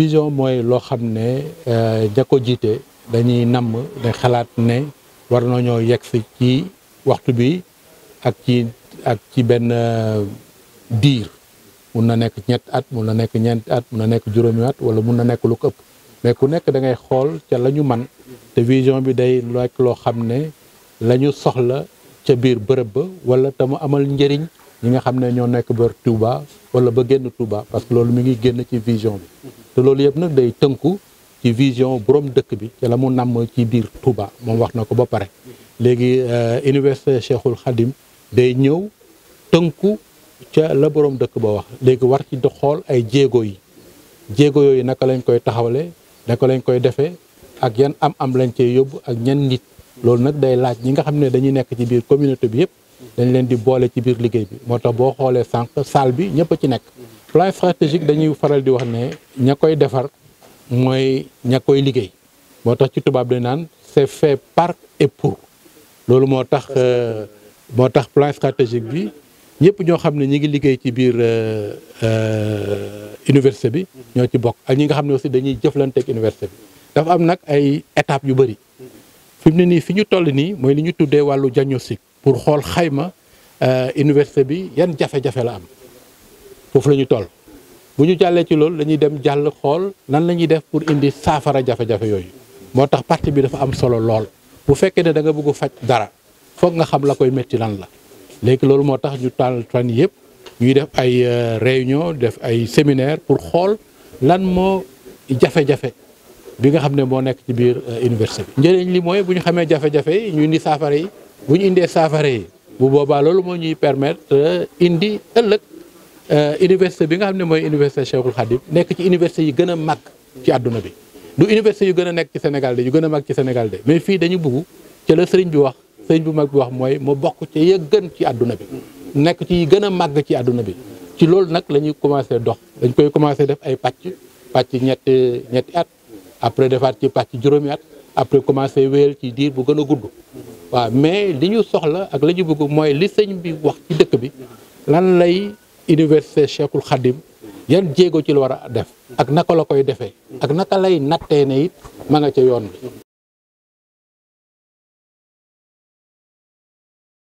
vision mooy loo xam ne ja euh, ko jiite dañuy namm da xalaat ne war ñoo yegg si ci waxtu bi ak ci ak ci benn euh, diir mun na nekk ñett at mun na nekk ñeenti at mun na nekk juróomi at wala mun na nekk lu ko ëpp mais ku nekk da ngay xool ca la ñu man te vision bi day lekk loo xam ne lañu soxla ca biir bërëb ba wala te mu amal njëriñ ñi nga xam ne ñoo nekk bër Touba wala ba génn Touba parce que loolu mi ngi génn ci vision bi te loolu yëpp nag day tënku ci vision borom dëkk bi ci la mu namm ci biir Touba moom wax na ko ba pare léegi euh, université Cheikhul Khadim day ñëw tënku ca la borom dëkk ba wax léegi war ci xool ay jéego yi jéego yooyu naka lañ koy taxawale naka lañ koy defee ak yan am-am lañ cee yóbbu ak ñan nit loolu nag day laaj ñi nga xam ne dañuy nekk ci biir communauté bi yëpp dañ leen di boole ci biir liggéey bi moo tax boo xoolee sànq salle bi ñëpp a ci nekk plan stratégique dañuy faral di wax ne ña koy defar mooy ña koy liggéey moo tax ci tubaab dañ naan c'est fait par et pour loolu moo tax euh, moo tax plan stratégique bi ñëpp ñoo xam ne ñi ngi liggéey ci biir euh, euh, université bi ñoo ci bokk ak ñi nga xam ne aussi dañuy jëflanteeg université bi dafa am nag ay étapes yu bëri fi mu ne nii fi ñu toll nii mooy li ñu tuddee wàllu diagnostic pour xool xayma université bi yan jafe-jafe la am foofu la ñu toll bu ñu jàllee ci loolu lañuy dem jàll xool nan la ñuy def pour indi saafara jafe-jafe yooyu moo tax parti bi dafa am solo lool bu fekkee ne danga nga bëgg faj dara foog nga xam la koy métti lan la léegi loolu moo tax ñu tànn fan yëpp ñuy def ay euh, réunion def ay séminaire pour xool lan moo jafe-jafe bi nga xam ne moo nekk ci biir euh, université bi. njëriñ li mooy bu ñu xamee jafe-jafe yi ñu indi saafara yi bu ñu indee saafara yi bu boobaa loolu moo ñuy permettre euh, indi ëllëg. Euh, université bi nga xam ne mooy université Cheikhul Khadim nekk ci université yi gën a mag ci àdduna bi du université yu gën a nekk ci Sénégal de yu gën a mag ci Sénégal de mais fii dañu bugg ca la sëriñ bi wax sëriñ bu mag bi wax mooy mu bokk ca ya gën ci àdduna bi nekk ci yi gën a màgg ci àdduna bi ci loolu nag la ñuy commencé dox dañ koy commencé def ay pàcc pàcc ñetti ñetti at après defaat ci pàcc juróomi at après commencé wéyal ci diir bu gën a gudd waaw mais li ñu soxla ak la ñu mooy li sëñ bi wax dëkk bi lan université Cheikhul Khadim yan jéego ci la war a def ak naka la koy defee ak naka lay nattee ne it ma nga ca yoon bi